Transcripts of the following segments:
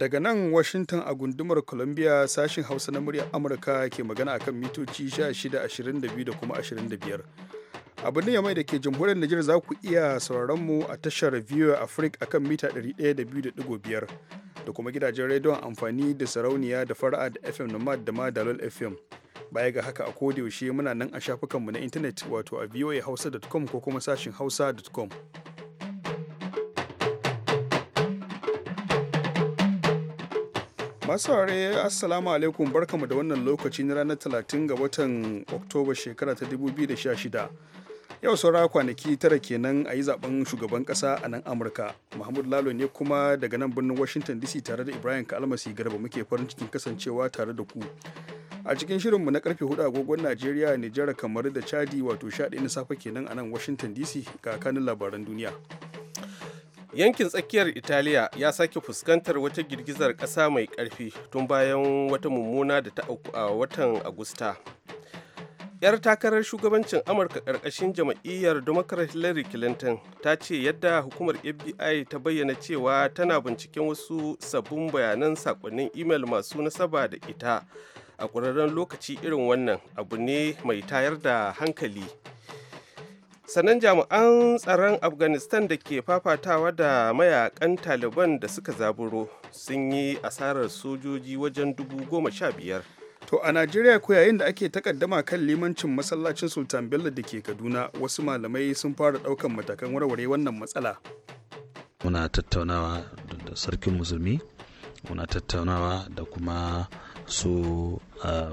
daga nan washington a gundumar columbia sashin hausa na muryar amurka ke magana akan mitoci 16 22 da kuma 25 abin da mai da ke jamhuriyar najeriya za ku iya sauraron mu a tashar Viewer Africa akan mita 102.5 da kuma gidajen rediyon amfani da sarauniya da fara'a da FM Nomad da ma Dalol FM. Baya ga haka a yaushe muna nan a shafukanmu na intanet wato a voahausa.com ko kuma sashin hausa.com. masu ware assalamu alaikum barkamu da wannan lokaci na ranar 30 ga watan oktoba shekara ta 2016 yau saura kwanaki tara kenan a yi zaben shugaban kasa a nan amurka mahmud lalo ne kuma daga nan birnin washington dc tare da ibrahim kalmasi garba muke farin cikin kasancewa tare da ku a cikin shirinmu na karfe hudu agogon najeriya nijar kamar da chadi wato 11 na safe kenan a nan washington dc ga kanin labaran duniya yankin tsakiyar italiya ya sake fuskantar wata girgizar kasa mai karfi tun bayan wata mummuna da ta auku a watan agusta yar takarar shugabancin amurka ƙarƙashin jam'iyyar democrat hillary clinton ta ce yadda hukumar fbi ta bayyana cewa tana binciken wasu sabbin bayanan sakonnin imel masu nasaba da ita a ƙwararren lokaci irin wannan abu ne mai tayar da hankali sannan jami'an tsaron afghanistan da ke fafatawa da mayakan taliban da suka zaburo sun yi asarar sojoji wajen dubu goma sha biyar to a najeriya ko yayin da ake takaddama kan limancin masallacin sultan bello da ke kaduna wasu malamai sun fara daukan matakan warware wannan matsala muna tattaunawa da sarkin musulmi muna tattaunawa da kuma su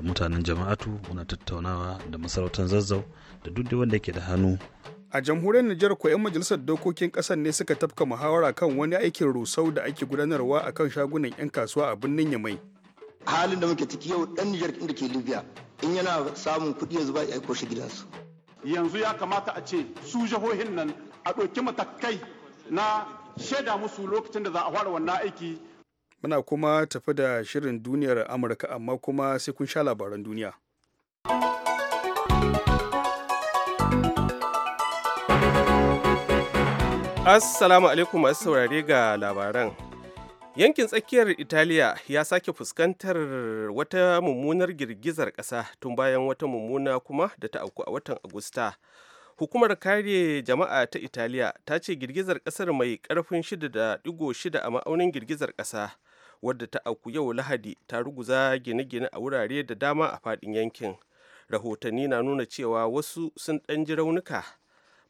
mutanen jama'atu muna tattaunawa da masarautar zazzau da duk wanda ke da hannu a jamhuriyar Nijar ko 'yan majalisar dokokin kasar ne suka tafka muhawara kan wani aikin rusau da ake gudanarwa a kan shagunan 'yan kasuwa a birnin Yamai. Halin da muke ciki yau ɗan Nijar inda ke Libya in yana samun kuɗi yanzu ba ya aiko shi gidansu. Yanzu ya kamata a ce su jihohin nan a ɗauki matakai na shaida musu lokacin da za a fara wannan aiki muna kuma tafi da shirin duniyar amurka amma kuma sai kun sha labaran duniya assalamu alaikum masu saurare ga labaran yankin tsakiyar italiya ya sake fuskantar wata mummunar girgizar ƙasa tun bayan wata mummuna kuma da ta auku a watan agusta hukumar kare jama'a ta italiya ta ce girgizar ƙasar mai ƙarfin 6.6 a ma'aunin girgizar ƙasa wadda ta auku yau lahadi ta ruguza gine-gine a wurare da dama a faɗin yankin rahotanni na nuna cewa wasu sun ɗan ji raunuka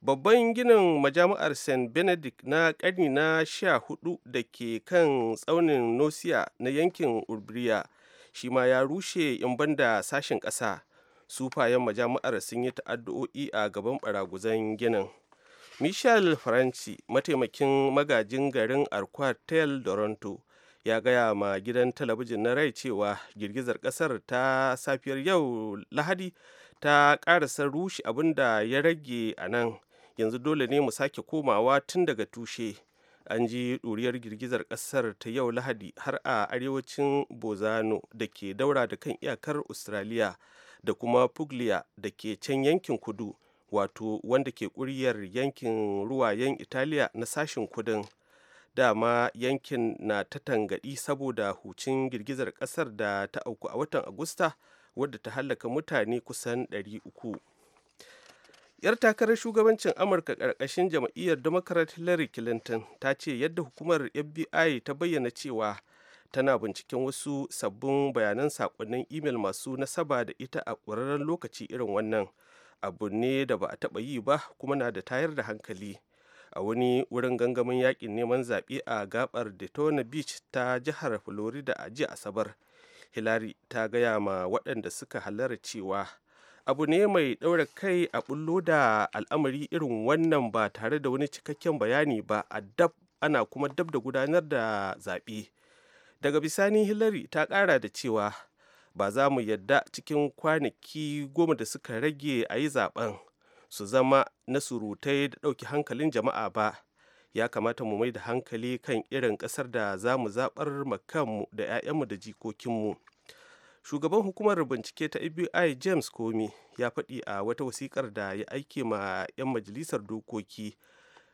babban ginin majami'ar st benedict na karni na sha hudu da ke kan tsaunin nosiya na yankin urbriya shi ma ya rushe in banda sashen ƙasa sufayen majami'ar sun yi ta'addu'o'i a gaban baraguzan ginin michel franci mataimakin magajin garin arquartel doronto ya gaya ma gidan talabijin na rai cewa girgizar kasar ta safiyar yau lahadi ta karasa rushe abin da ya rage a nan yanzu dole ne mu sake komawa tun daga tushe an ji ɗuriyar girgizar ƙasar ta yau lahadi har a arewacin bozano da ke daura da kan iyakar australia da kuma puglia da ke can yankin kudu wato wanda ke ƙuryar yankin ruwayen italiya na sashen kudin dama yankin na ta tangaɗi saboda hucin girgizar ƙasar da ta auku a watan agusta wadda ta hallaka mutane kusan 300 yar takarar shugabancin amurka ƙarƙashin jam'iyyar democrat hillary clinton ta ce yadda hukumar fbi ta bayyana cewa tana binciken wasu sabbin bayanan sakonnin imel masu nasaba da ita a ƙwararren lokaci irin wannan abu ne da ba a taɓa yi ba kuma na da tayar da hankali a wani wurin gangamin yakin neman zaɓe a gabar daytona beach ta jihar florida a jiya asabar hillary ta gaya ma waɗanda suka halara cewa abu ne mai ɗaura kai a bullo da al'amari irin wannan ba tare da wani cikakken bayani ba a dab ana kuma dab da gudanar da zaɓe daga bisani hillary ta ƙara da cewa ba za mu yadda cikin kwanaki goma da suka rage a yi zaben su zama na surutai da ɗauki hankalin jama'a ba ya kamata mu mai da hankali kan irin ƙasar da za mu zaɓar makanmu da 'ya'yanmu da jikokinmu shugaban hukumar bincike ta fbi james comey ya faɗi a wata wasiƙar da ya aike ma 'yan majalisar dokoki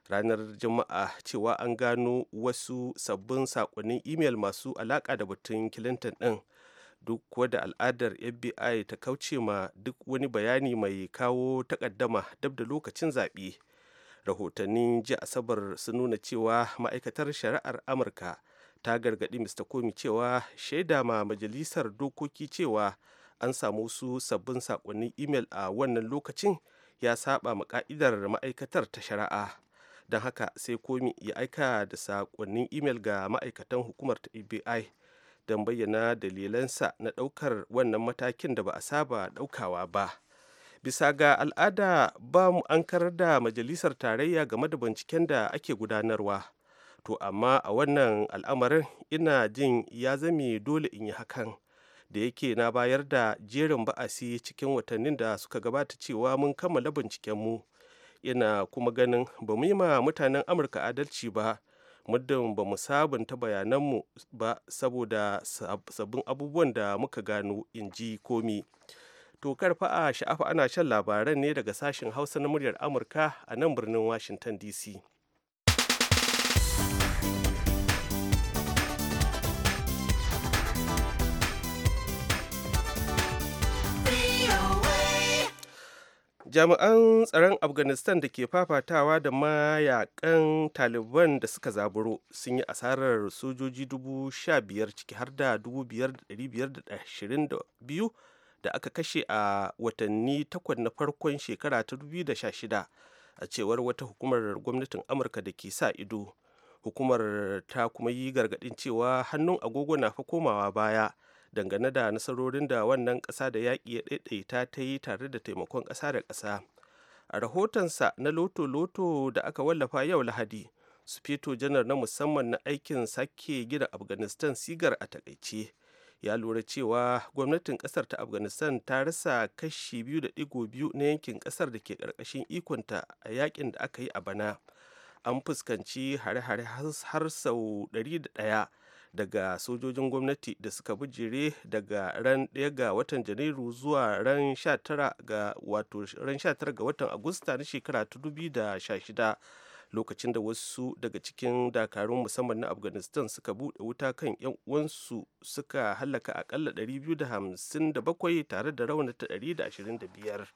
ranar juma'a cewa an gano wasu sabbin sakonnin imel masu alaƙa da batun clinton ɗin duk wadda al'adar fbi ta kauce ma duk wani bayani mai kawo takaddama dab da lokacin zaɓe rahotannin ji asabar sun nuna cewa ma'aikatar shari'ar amurka ta gargaɗi mr komi cewa shaida ma majalisar dokoki cewa an samu su sabbin saƙonnin imel a wannan lokacin ya saba ma ka'idar ma'aikatar ta shari'a don haka sai komi ya aika da saƙonnin imel ga ma'aikatan hukumar ta fbi don bayyana dalilansa na ɗaukar wannan matakin da ba a saba ɗaukawa ba bisa ga al'ada ba mu an karar da majalisar tarayya game da binciken da ake gudanarwa to amma a wannan al'amarin ina jin ya zame dole in yi hakan da yake na bayar da jerin ba'asi cikin watannin da suka gabata cewa mun kammala bincikenmu ina kuma ganin ba mu yi ma mutanen amurka adalci ba muddin ba mu sabunta bayananmu ba saboda sabbin abubuwan da muka gano in ji komi to karfa a sha'afa ana shan labaran ne daga sashen hausa na muryar amurka a nan birnin washington dc jami'an tsaron afghanistan da ke fafatawa da mayakan taliban da suka zaburo sun yi asarar sojoji 15,000 ciki har da 5,522 da aka kashe a watanni takwas na farkon shekara ta 2016 a cewar wata hukumar gwamnatin amurka da ke sa ido hukumar ta kuma yi gargadin cewa hannun agogo na fa komawa baya dangane da nasarorin da wannan ƙasa da yaƙi ya ɗaiɗaita ta yi tare da taimakon ƙasa da ƙasa a rahotonsa na loto-loto da aka wallafa yau lahadi sufeto janar na musamman na aikin sake gina afghanistan sigar a takaice ya lura cewa gwamnatin kasar ta afghanistan ta rasa kashi biyu da digo biyu na yankin kasar da ke karkashin ikonta a yakin da aka yi a bana an fuskanci hare-hare har sau 101 daga sojojin gwamnati da suka bijire daga ran 1 ga watan janairu zuwa ran 19 ga watan agusta na shekara 2016 lokacin da wasu daga cikin dakarun musamman na afghanistan suka buɗe wuta kan 'yan uwansu suka hallaka akalla 257 tare da raunata 125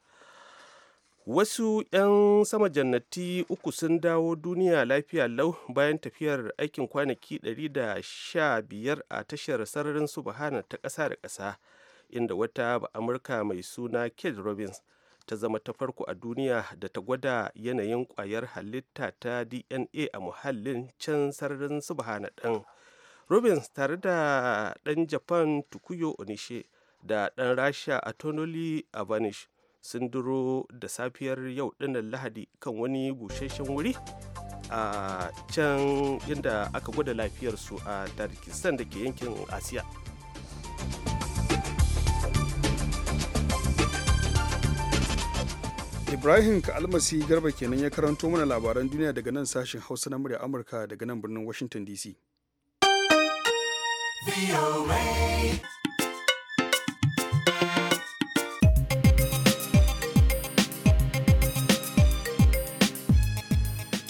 wasu 'yan sama jannati uku sun dawo duniya lafiya lau bayan tafiyar aikin kwanaki 115 a tashar sararin subhana ta ƙasa da ƙasa inda wata ba amurka mai suna kate robbins ta zama ta farko a duniya da ta gwada yanayin kwayar halitta ta dna a muhallin can sararin subhana ɗin robbins tare da ɗan japan tukuyo onishe da ɗan rasha a tonoli avanish sun duro da safiyar yau dinnan lahadi kan wani busasshen wuri a can inda aka gwada lafiyarsu a tajikistan da ke yankin asiya ibrahim kalmasi garba kenan ya karanto mana labaran duniya daga nan sashen hausa na murya amurka daga nan birnin washington dc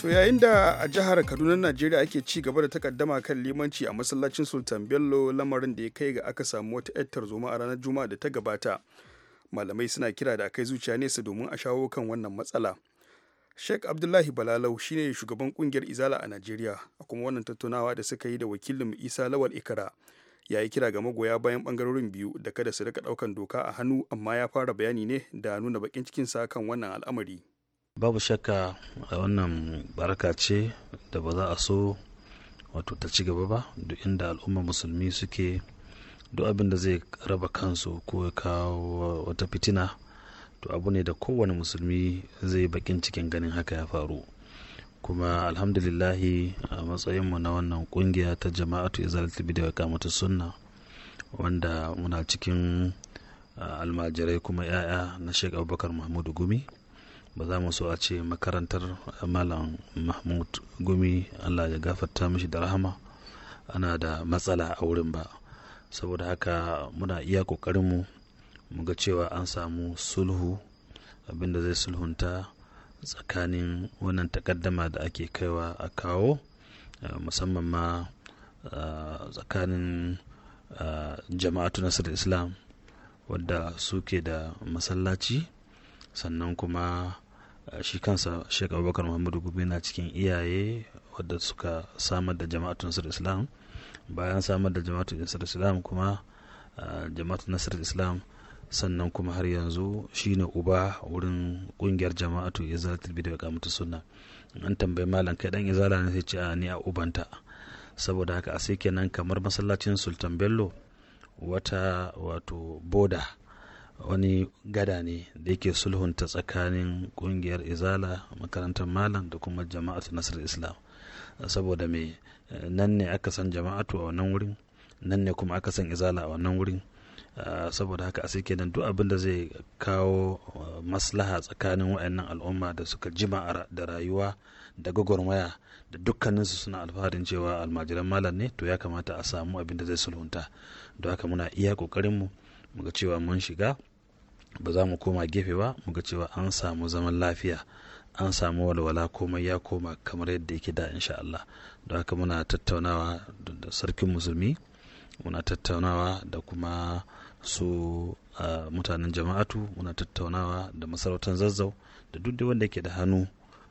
To yayin da a jihar Kaduna Najeriya ake ci gaba da takaddama kan limanci a masallacin Sultan Bello lamarin da ya kai ga aka samu wata 'yar zoma a ranar Juma'a da ta gabata. Malamai suna kira da akai zuciya nesa domin a shawo kan wannan matsala. Sheikh Abdullahi Balalau shine shugaban kungiyar Izala a Najeriya a kuma wannan tattaunawa da suka yi da wakilin Isa Lawal Ikara ya yi kira ga magoya bayan bangarorin biyu da kada su rika daukan doka a hannu amma ya fara bayani ne da nuna bakin cikinsa kan wannan al'amari. babu shakka wannan baraka ce da ba za a so wato ta ci gaba ba duk inda al'umma musulmi suke duk abin da zai raba kansu ko ya kawo wata fitina to abu ne da kowane musulmi zai bakin cikin ganin haka ya faru kuma alhamdulillahi a matsayinmu na wannan kungiya ta jama'atu izalatul bid'a wa kamata sunna wanda muna cikin almajirai kuma 'ya'ya na shek abubakar mahmudu gumi ba za mu so a ce makarantar eh, malam mahmud gumi allah ya gafarta mishi da rahama ana da matsala a wurin ba saboda haka muna iya ƙoƙarinmu mu ga cewa an samu sulhu abinda zai sulhunta tsakanin wannan takaddama da ake kaiwa a kawo eh, musamman ma eh, tsakanin jama'atu nasarar islam wadda suke da masallaci sannan kuma shi kansa shek Abubakar Muhammadu Gumi na cikin iyaye wadda suka samar da jama'atun Nasar Islam bayan samar da jama'atun Nasar Islam kuma jama'atun Nasar Islam sannan kuma har yanzu shine uba wurin kungiyar jama'atu ya tilbi da ga mutu sunna an tambayi malam kai dan izala ne sai ce a ni a ubanta saboda haka a sai kenan kamar masallacin sultan bello wata wato boda wani gada ne da yake sulhunta tsakanin kungiyar izala makarantar malam da kuma jama'atu nasar islam saboda mai nan ne aka san jama'atu a wannan wurin nan ne kuma aka san izala a wannan wurin saboda haka a kenan duk abin da zai kawo maslaha tsakanin wa'annan al'umma da suka jima da rayuwa da gwagwarmaya da dukkaninsu suna alfaharin cewa almajiran malam ne to ya kamata a samu abin da zai sulhunta don haka muna iya ƙoƙarinmu muga cewa mun shiga ba za mu koma gefe ba mu ga cewa an samu zaman lafiya an samu walwala komai ya koma kamar yadda yake da insha Allah don haka muna tattaunawa da sarkin musulmi muna tattaunawa da kuma su mutanen jama'atu muna tattaunawa da masarautar zazzau da duk wanda ke da hannu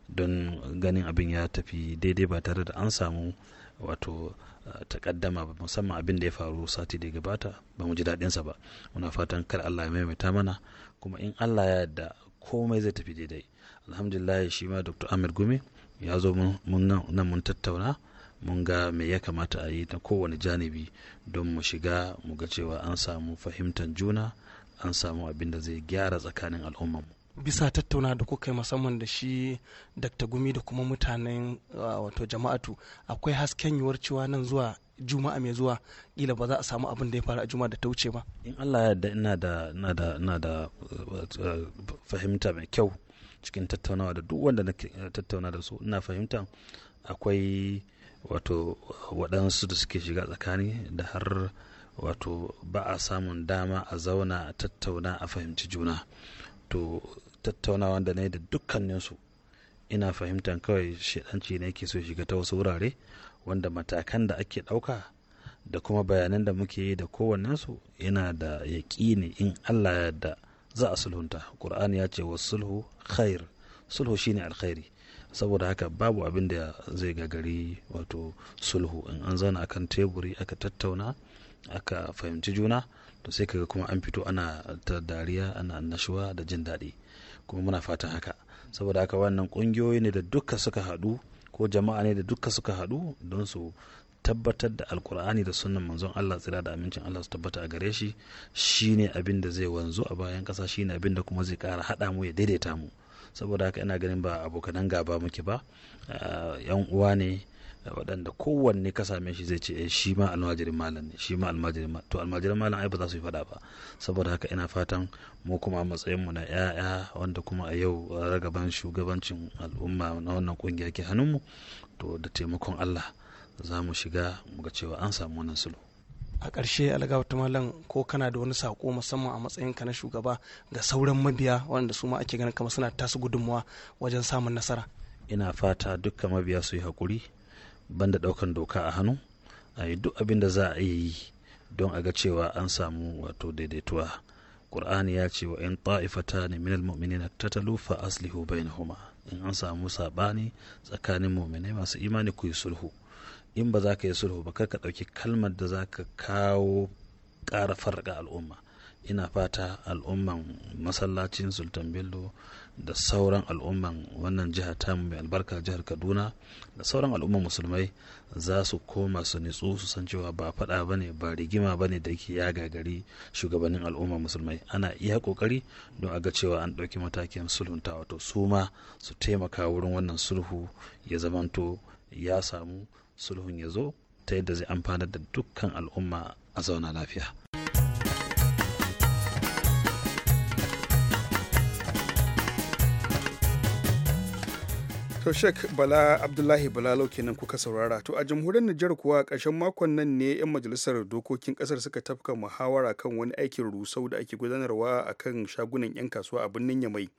don ganin abin ya tafi daidai ba tare da an samu wato ta ah, takaddama musamman abin da ya faru sati da gabata ba mu ji daɗinsa ba muna fatan kar allah ya maimaita mana kuma in allah ya yarda komai zai tafi daidai alhamdulillah shi ma dr amir gumi ya zo mun nan mun tattauna mun ga me ya kamata a yi ta kowane janibi don mu shiga mu ga cewa an samu fahimtar juna an samu abin da zai gyara tsakanin mu. bisa tattauna da kuka yi musamman da shi dakta gumi da kuma mutanen ah, wato jama'atu akwai hasken yiwuwar cewa nan zuwa juma'a mai zuwa kila ba za a samu abin da ya faru a juma'a da ta wuce ba in allah ya yarda ina da ina da ina da eh, fahimta mai kyau cikin tattaunawa da duk wanda na eh, tattauna da su ina fahimta akwai wato waɗansu da suke shiga tsakani da har wato ba a samun dama a zauna a tattauna a fahimci juna to tattaunawa da na yi da dukkaninsu ina fahimtar kawai shaidanci ne ke so shiga ta wasu wurare wanda matakan da ake ɗauka da kuma bayanan da muke yi da kowannensu yana da yaƙini in allah yadda za a sulhunta ƙur'ani ya ce wa sulhu khair sulhu shine alkhairi saboda haka babu abin da zai gagari wato sulhu in an zauna akan teburi aka tattauna aka fahimci juna to sai kaga kuma an fito ana ta dariya ana nashuwa da jin daɗi kuma muna fatan haka saboda haka wannan kungiyoyi ne da duka suka haɗu ko jama'a ne da duka suka haɗu don su tabbatar da alkur'ani da sunan manzon Allah tsira da amincin Allah su tabbata a gare shi shine abin da zai wanzu a bayan ƙasa shine abin da kuma zai kara haɗa mu ya daidaita mu saboda haka ina ganin ba abokanan gaba muke ba ah, yan uwa ne waɗanda kowanne ka same shi zai ce eh, shi ma almajirin malam ne shi ma almajirin malam to almajirin malam ai ba za su yi faɗa ba saboda haka ina fatan mu kuma matsayin mu na yaya wanda kuma a yau ragaban shugabancin al'umma na wannan kungiya ke hannunmu to da taimakon Allah za mu shiga mu ga cewa an samu wannan sulhu a ƙarshe algawata malam ko kana da wani sako musamman a matsayin ka na shugaba ga sauran mabiya wanda su ma ake ganin kamar suna tasu gudunmuwa wajen samun nasara ina fata dukkan mabiya su yi haƙuri banda daukan doka a hannu a yi duk abin da za a yi don a ga cewa an samu wato daidaituwa ƙur'ani ya ce wa 'yan ta'ifata ne minal mu'minina tatalu fa aslihu bainahuma in an samu saɓani tsakanin mu'minai masu imani ku yi sulhu in ba za ka yi sulhu ba kar ka ɗauki kalmar da za ka kawo ƙara farga al'umma ina fata al'umman masallacin sultan bello da sauran al'umman wannan jihar ta mai albarka jihar kaduna da sauran al'umman musulmai za su koma su nitsu su san cewa ba faɗa ba ne ba rigima ba ne da ke ya gagari shugabannin al'umman musulmai ana iya kokari don a ga cewa an ɗauki matakin sulhunta wato su ma su taimaka wurin wannan sulhu ya zamanto ya samu sulhun ya zo ta yadda zai amfanar da dukkan al'umma a zauna lafiya To Sheikh Bala Abdullahi bala Lauke nan kuka saurara. To a jamhuriyar Nijar kuwa ƙarshen makon nan ne 'yan majalisar dokokin kasar suka tafka muhawara kan wani aikin rusau da ake gudanarwa a kan shagunan 'yan kasuwa a birnin Yamai.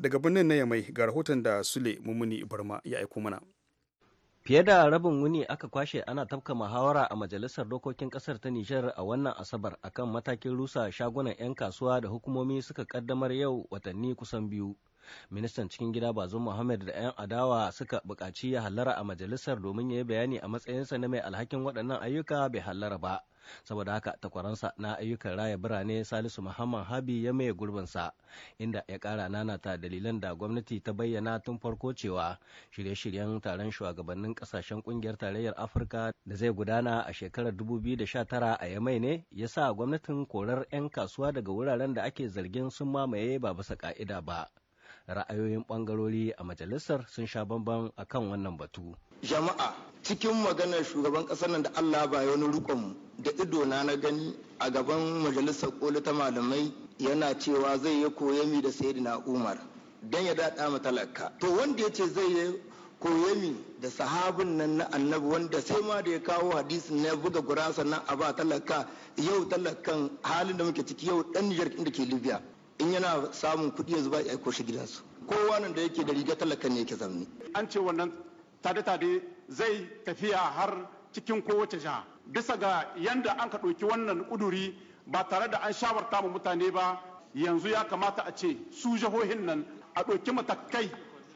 Daga birnin na Yamai ga rahoton da Sule Mumuni Barma ya aiko mana. Fiye da rabin wuni aka kwashe ana tafka muhawara a majalisar dokokin kasar ta Nijar a wannan Asabar akan matakin rusa shagunan 'yan kasuwa da hukumomi suka kaddamar yau watanni kusan biyu. ministan cikin gida bazum muhammad da 'yan adawa suka buƙaci ya hallara a majalisar domin ya yi bayani a matsayinsa na mai alhakin waɗannan ayyuka bai hallara ba saboda haka takwaransa na ayyukan raya birane salisu muhammad habi ya maye gurbinsa inda ya kara ta dalilan da gwamnati ta bayyana tun farko cewa shirye-shiryen taron shugabannin kasashen kungiyar tarayyar afirka da zai gudana a shekarar 2019 a yamai ne ya sa gwamnatin korar 'yan kasuwa daga wuraren da ake zargin sun mamaye ba bisa ka'ida ba ra'ayoyin bangarori a majalisar sun sha bamban kan wannan batu jama'a cikin maganar shugaban kasar nan da Allah ba wani rukon da ido na na gani a gaban majalisar koli ta malamai yana cewa zai yi koyami da na Umar don ya daɗa matalaka to wanda ya ce zai yi koyami da sahabin nan na annabi wanda sai ma da ya kawo hadisin na buga gurasa nan a ba talaka yau talakan halin da muke ciki yau dan nijar inda ke Libya in yana samun kuɗi ya zuba ya aiko shi gidansu kowa nan da yake da riga talaka ne yake zamani. an ce wannan tade-tade zai tafiya har cikin kowace jiha bisa ga yanda an ka ɗauki wannan ƙuduri ba tare da an shawarta ma mutane ba yanzu ya kamata a ce su jihohin nan a ɗauki matakai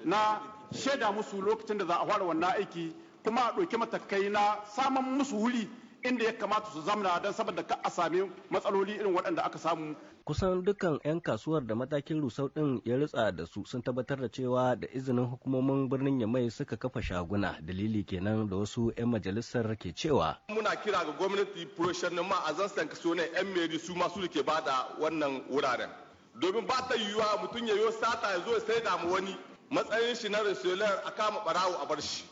na shaida musu lokacin da za a fara wannan aiki kuma a ɗauki matakai na saman musu wuri inda ya kamata su zamna don saboda ka a sami matsaloli irin waɗanda aka samu kusan dukkan 'yan kasuwar da matakin rusau ɗin ya ritsa da su sun tabbatar da cewa da izinin hukumomin birnin ya mai suka kafa shaguna dalili kenan da wasu 'yan majalisar ke cewa muna kira ga gwamnati furoshin ma a zansan kaso na 'yan meri su masu da ke bada wannan wuraren domin ba ta yiwuwa mutum ya yi sata ya zo ya sai damu wani matsayin shi na resolar a kama barawo a bar shi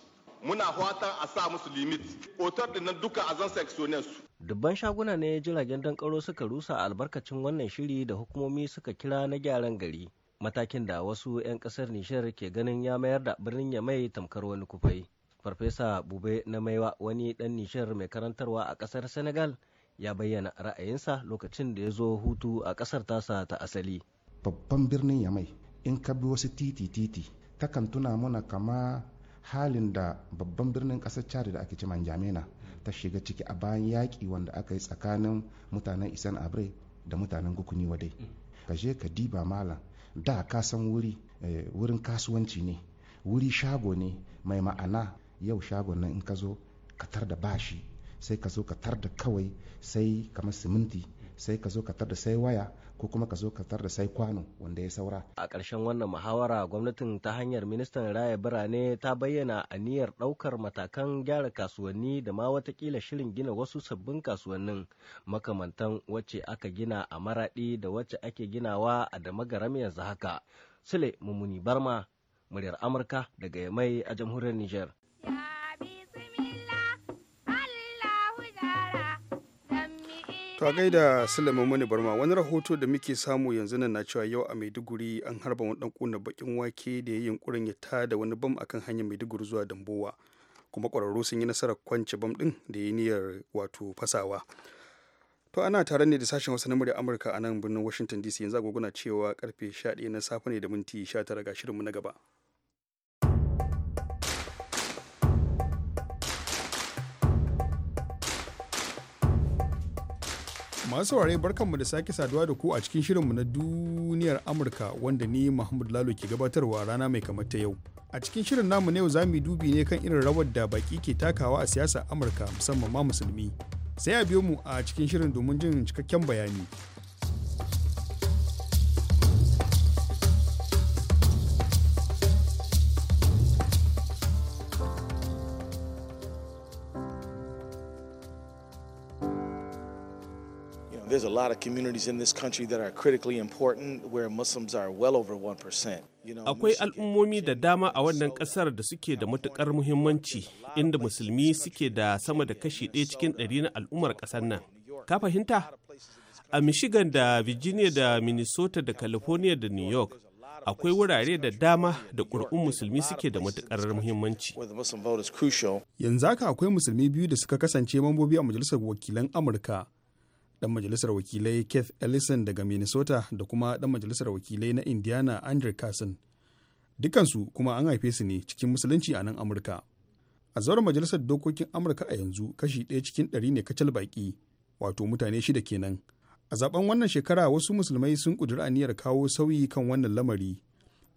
muna fatan a sa musu limit otar da nan duka a zansan kaso su dubban shaguna ne jiragen dankaro suka rusa albarkacin wannan shiri da hukumomi suka kira na gyaran gari matakin da wasu 'yan kasar nishar ke ganin ya mayar da birnin ya mai tamkar wani kufai farfesa bube na maiwa wani dan nishar mai karantarwa a kasar senegal ya bayyana ra'ayinsa lokacin da ya zo hutu a kasar tasa ta asali babban birnin ya mai in ka bi wasu titi titi takan tuna mana kama halin da babban birnin kasar chad da ake ce manjamena ta shiga ciki a bayan yaƙi wanda aka yi tsakanin mutanen isan abre da mutanen gukuni wadai mm. ka je ka diba malam da ka san wuri eh, wurin kasuwanci ne wuri shago ne mai ma'ana yau shago nan in ka zo ka tar da bashi sai ka zo ka tar da kawai sai kamar siminti sai ka zo ka tar da sai waya ko kuma ka zo ka tar da sai kwano wanda ya saura a ƙarshen wannan muhawara gwamnatin ta hanyar ministan raya birane ta bayyana aniyar ɗaukar matakan gyara kasuwanni da ma watakila shirin gina wasu sabbin kasuwannin makamantan wacce aka gina a maraɗi da wacce ake ginawa a damagaram yanzu haka sule mummuni barma muryar amurka daga yamai a jamhuriyar niger To a gaida Sulaiman Mani Barma wani rahoto da muke samu yanzu nan na cewa yau a Maiduguri an harba wani dan kunna bakin wake da ya yunkurin ya tada wani bam akan hanyar Maiduguri zuwa Dambowa kuma kwararru sun yi nasarar kwance bam din da ya niyyar wato fasawa. To ana tare ne da sashen wasu na da Amurka a nan birnin Washington DC yanzu agogona cewa karfe 11 na safe ne da minti 19 ga shirinmu na gaba. masu saurare barkanmu da sake saduwa da ku a cikin shirinmu na duniyar amurka wanda ni mahmud lalo ke gabatarwa rana mai kamar ta yau a cikin shirin namu na yau za mu dubi ne kan irin rawar da baki ke takawa a siyasar amurka musamman ma musulmi sai a biyo mu a cikin shirin domin jin cikakken bayani lot of communities in this country that are critically important where Muslims are well over 1%. Akwai al'ummomi da dama a wannan ƙasar da suke da uh, matuƙar muhimmanci inda musulmi suke da sama da kashi ɗaya cikin ɗari na al'ummar uh, ƙasar nan. Ka fahimta? A Michigan da Virginia da Minnesota da uh, California da New York akwai wurare da dama da ƙuri'un musulmi suke da matuƙar muhimmanci. Yanzu haka akwai musulmi biyu da suka kasance mambobi a Majalisar Wakilan Amurka dan majalisar wakilai keith ellison daga minnesota da kuma dan majalisar wakilai na indiana andrew carson dukansu kuma an haife su ne cikin musulunci a nan amurka a zauren majalisar dokokin amurka a yanzu kashi ɗaya cikin ɗari ne kacal baƙi wato mutane shida kenan a zaben wannan shekara wasu musulmai sun ƙudiri aniyar kawo sauyi kan wannan lamari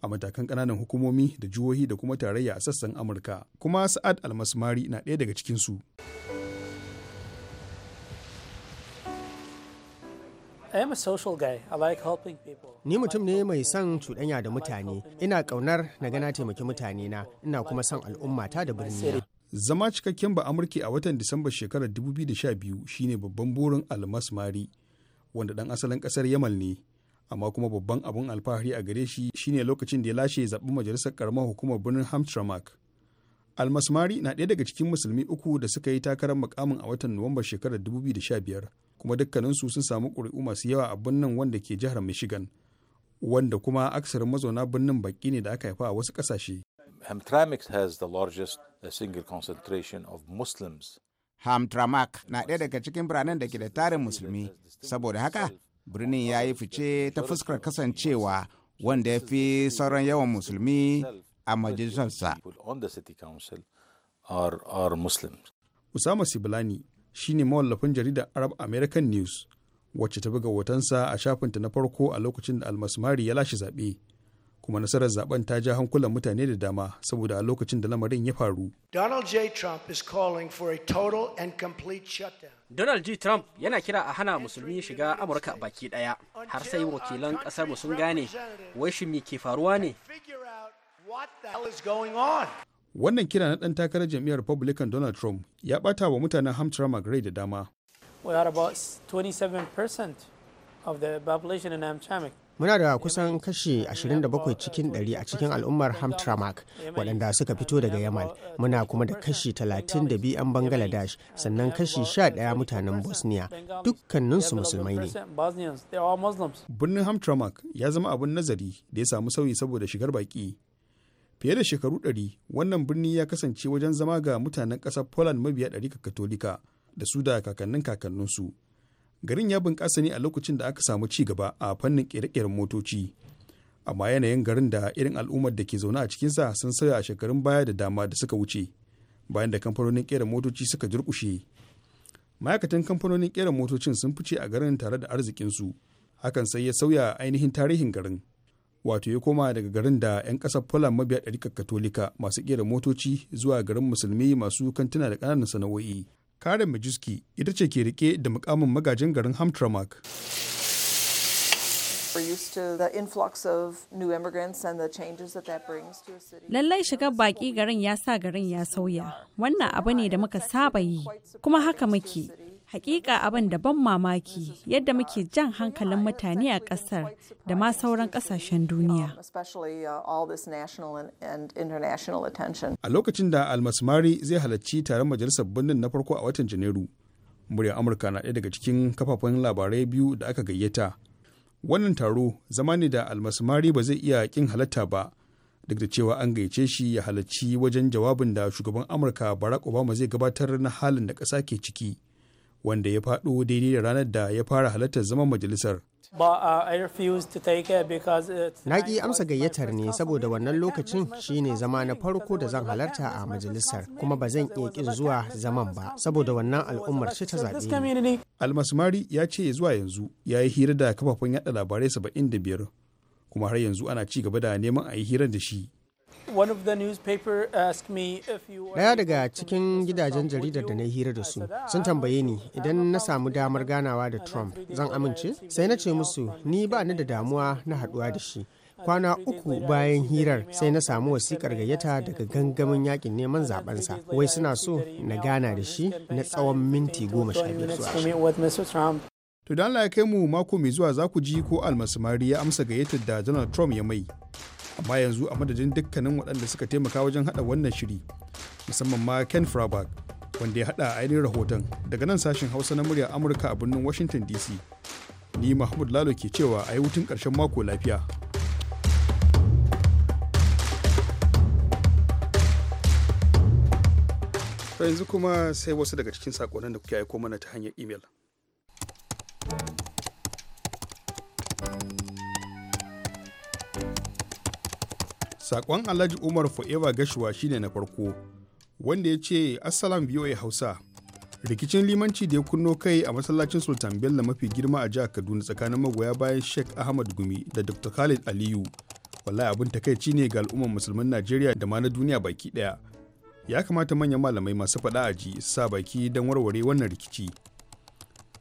a matakan ƙananan hukumomi da jihohi da kuma tarayya a sassan amurka kuma sa'ad almasmari na ɗaya daga cikinsu. Ni mutum ne mai son cuɗanya da mutane, ina ƙaunar na gana taimaki mutane na, ina kuma son al'ummata da birni. Zama cikakken ba Amurki a watan Disamba shekarar 2012 shine babban burin Almas Mari, wanda ɗan asalin ƙasar Yamal ne, amma kuma babban abun alfahari a gare shi shine lokacin da ya lashe zaɓen majalisar ƙaramar hukumar birnin Hamtramck. Almas Mari na ɗaya daga cikin musulmi uku da suka yi takarar mukamin a watan nuwamba shekarar 2015. kuma dukkaninsu sun samu ƙuri'u masu yawa a birnin wanda ke jihar michigan wanda kuma aksarin mazauna birnin baki ne da aka haifa a wasu ƙasashe hamtramck has the largest uh, single concentration of muslims hamtramck na ɗaya daga cikin biranen da ke da tarin musulmi saboda haka birnin ya yi fice ta fuskar kasancewa wanda ya fi sauran yawan musulmi a majalisarsa. Usama Sibilani shine mawallafin jaridar arab american news wacce ta buga hotonsa a shafinta na farko a lokacin da almasmari ya lashe zaɓe kuma nasarar zaben ta ja hankulan mutane da dama saboda a lokacin da lamarin ya faru. Donald J. Trump is calling for a total and complete shutdown. Donald J. Trump yana kira a hana musulmi shiga Amurka baki daya har sai wakilan kasar mu sun gane wai shi me ke faruwa ne? wannan kira na dan takarar jam'iyyar republican donald trump ya bata wa mutanen hamtramck magrai da dama muna da kusan kashi 27 cikin 100 a cikin al'ummar hamtramck waɗanda suka fito daga yamal muna kuma da kashi 32 'yan bangladesh sannan kashi 11 mutanen bosnia dukkaninsu musulmai ne birnin hamtramck ya zama abin nazari da ya samu sauyi saboda shigar baki fiye da shekaru ɗari wannan birni ya kasance wajen zama ga mutanen ƙasar poland mabiya ɗari ka katolika da su da kakannin kakanninsu garin ya bunƙasa ne a lokacin da aka samu ci gaba a fannin ƙere-ƙeren motoci amma yanayin garin da irin al'ummar da ke zaune a cikinsa sun sauya a shekarun baya da dama da suka wuce bayan da kamfanonin ƙera motoci suka durƙushe ma'aikatan kamfanonin ƙera motocin sun fice a garin tare da arzikinsu hakan sai ya sauya ainihin tarihin garin wato ya koma daga garin da 'yan ƙasar poland mabiya ɗarikar katolika masu ƙera motoci zuwa garin musulmi masu kantuna da ƙananan sana'o'i karen majiski ita ce ke rike da mukamin magajin garin hamtramck Lallai shigar baƙi garin ya sa garin ya sauya. Wannan abu ne da muka saba yi, kuma haka muke. Hakika abin da ban mamaki yadda muke jan hankalin mutane a ƙasar da ma sauran ƙasashen duniya. Uh, a lokacin da Almasmari zai halarci taron majalisar birnin na farko a watan Janairu, muryar Amurka na ɗaya daga cikin kafafen labarai biyu da aka gayyata. Wannan taro zama ne da Almasmari ba zai iya ƙin halatta ba. duk da cewa an gayyace shi ya halarci wajen jawabin da shugaban amurka barack obama zai gabatar na halin da ƙasa ke ciki wanda ya faɗo daidai da ranar da ya fara halartar zaman majalisar. Uh, na ƙi amsa gayyatar ne saboda wannan lokacin shine zama na farko da zan halarta a majalisar kuma ba zan iya ƙin zuwa zaman ba saboda wannan al'ummar shi ta zaɓe. Almasmari ya ce zuwa yanzu ya yi hira da kafafen yada labarai 75 kuma har yanzu ana ci gaba da neman a yi hirar da shi. Daya daga cikin gidajen jaridar da na hira da su ah, sun tambaye ni idan na samu damar ganawa da Trump zan amince? Sai na ce musu ni ba ni da damuwa na haduwa da shi. kwana uku bayan hirar sai na samu wasikar gayyata daga gangamin yakin neman zabensa wai suna so na gana da shi na tsawon minti goma sha biyar to da mu mako mai zuwa za ku ji ko almasumari ya amsa gayyatar da Donald Trump ya mai amma yanzu a madadin dukkanin waɗanda suka taimaka wajen haɗa wannan shiri musamman ma ken frabag wanda ya haɗa ainihin rahoton daga nan sashen hausa na murya amurka a birnin washington dc ni mahmud lalo ke cewa a yi hutun ƙarshen mako lafiya yanzu kuma sai wasu daga cikin saƙonan da kuke aiko mana ta hanyar imel. Sakon Alhaji Umar Forever Gashuwa shine na farko, wanda ya ce Assalam ya Hausa. Rikicin limanci da ya kunno kai a masallacin Sultan Bello mafi girma a jihar Kaduna tsakanin magoya bayan Sheikh Ahmad Gumi da Dr. Khalid Aliyu. Wallahi abin takaici ne ga al'ummar musulmin Najeriya da ma na duniya baki daya. Ya kamata manyan malamai masu faɗa a ji sa baki don warware wannan rikici.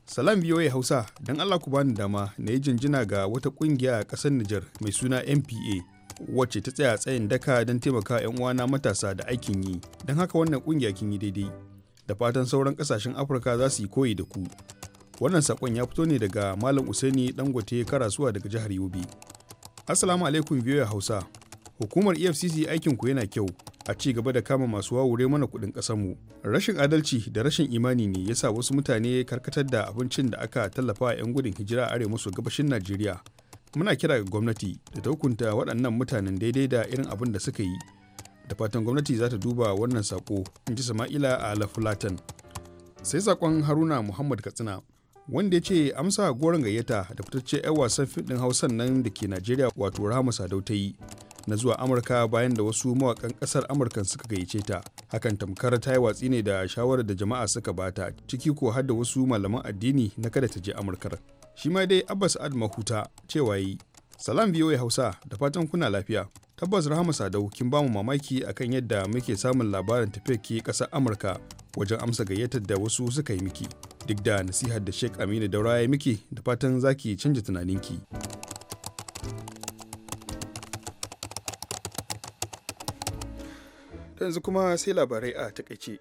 Salam VOA Hausa, don Allah ku bani dama na yi jinjina ga wata ƙungiya a ƙasar Nijar mai suna npa. wacce ta tsaya tsayin daka don taimaka 'yan uwana matasa da aikin yi don haka wannan kungiya kin yi daidai da fatan sauran kasashen afirka za su yi koyi da ku wannan sakon ya fito ne daga malam usaini dangote karasuwa daga jihar yobe assalamu alaikum biyoyi hausa hukumar efcc aikin ku yana kyau a ci gaba da kama masu wawure mana kuɗin mu rashin adalci da rashin imani ne ya sa wasu mutane karkatar da abincin da aka tallafa 'yan gudun hijira arewa maso gabashin najeriya muna kira ga gwamnati da ta hukunta waɗannan mutanen daidai da irin abin da suka yi da fatan gwamnati za ta duba wannan sako in ji sama'ila a lafulatan sai saƙon haruna muhammad katsina wanda ya ce amsa goron gayyata da fitacce 'yan wasan fiɗin hausan nan da ke najeriya wato rahama sadau ta yi na zuwa amurka bayan da wasu mawakan ƙasar amurkan suka gayyace ta hakan tamkar ta yi watsi ne da shawarar da jama'a suka bata ciki ko har wasu malaman addini na kada ta je amurkar shi ma dai abbas ad mahuta cewa yi salam ya hausa da fatan kuna lafiya tabbas rahama sadau kin bamu mamaki akan yadda muke samun labarin tafiyar ke ƙasar amurka wajen amsa gayyatar da wasu suka yi miki duk da nasihar da sheik aminu daura ya miki da fatan zaki canja tunaninki yanzu kuma sai labarai a takaice.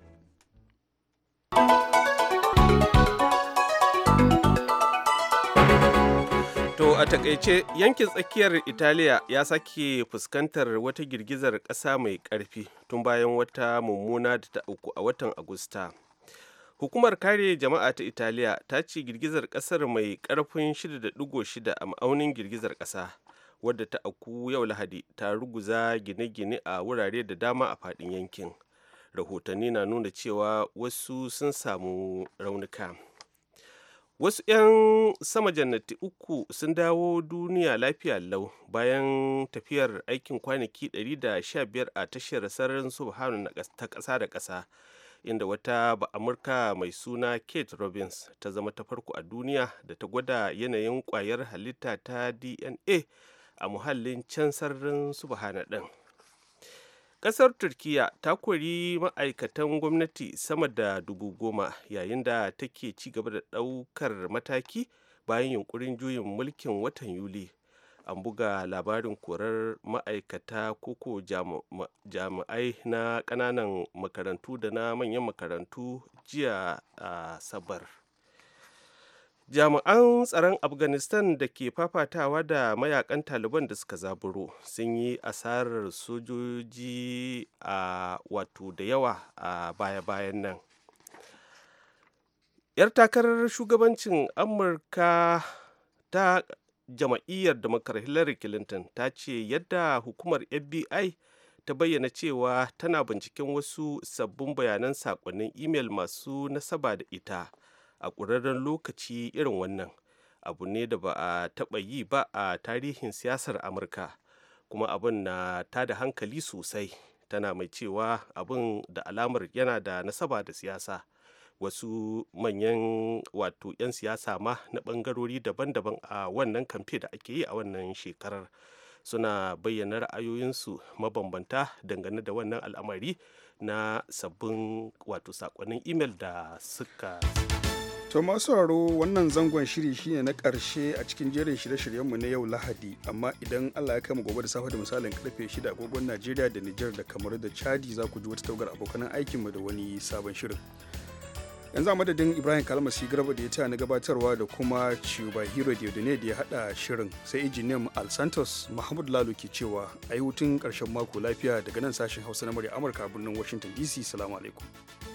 a takaice yankin tsakiyar Italiya ya sake fuskantar wata girgizar ƙasa mai ƙarfi tun bayan wata mummuna da ta auku a watan Agusta. Hukumar kare jama'a ta Italiya ta ce girgizar ƙasar mai ƙarfin 6.6 a ma'aunin girgizar ƙasa wadda ta auku yau Lahadi ta ruguza gine-gine a wurare da dama a faɗin yankin. Rahotanni na nuna cewa wasu sun samu raunuka. wasu 'yan sama jannati uku sun dawo duniya lafiya lau bayan tafiyar aikin kwanaki 115 a tashar sararin subhanu ta ƙasa da ƙasa inda wata ba amurka mai suna kate robbins ta zama ta farko a duniya da ta gwada yanayin kwayar halitta ta dna a muhallin can sararin subhanu ɗin kasar turkiya ta kori ma'aikatan gwamnati sama da dubu goma yayin da take ci gaba da ɗaukar mataki bayan yunkurin juyin mulkin watan Yuli. An buga labarin korar ma'aikata koko jami'ai na ƙananan makarantu da na manyan makarantu jiya a Sabar. jami'an tsaron afghanistan da ke fafatawa da mayakan taliban da suka zaburo sun yi asarar sojoji a wato da yawa a baya-bayan nan yar takarar shugabancin amurka ta jama'iyyar damakar hillary clinton ta ce yadda hukumar fbi ta bayyana cewa tana binciken wasu sabbin bayanan sakonnin imel masu nasaba da ita a ƙurarren lokaci irin wannan abu ne da ba a taɓa yi ba a tarihin siyasar amurka kuma abin na ta da hankali sosai tana mai cewa abin da alamar yana da nasaba da siyasa wasu manyan wato 'yan siyasa ma na ɓangarori daban-daban a wannan kamfe da ake yi a wannan shekarar suna bayyana ra'ayoyinsu mabambanta dangane da wannan al'amari na sabbin wato sakonnin imel da suka To masu haro wannan zangon shiri shine na ƙarshe a cikin jerin shirye-shiryenmu na yau Lahadi, amma idan Allah ya kama gobe da safe da misalin karfe 6 agogon Najeriya da Nijar da kamar da Chadi za ku ji wata taugar abokan aikinmu da wani sabon shirin. Yanzu a madadin Ibrahim Kalmasi Garba da ya taya na gabatarwa da kuma Ciuba Hero Diodone da ya haɗa shirin sai injiniyan Al Santos Mahmud Lalo ke cewa a yi hutun ƙarshen mako lafiya daga nan sashen Hausa na murya Amurka birnin Washington DC. Salamu alaikum.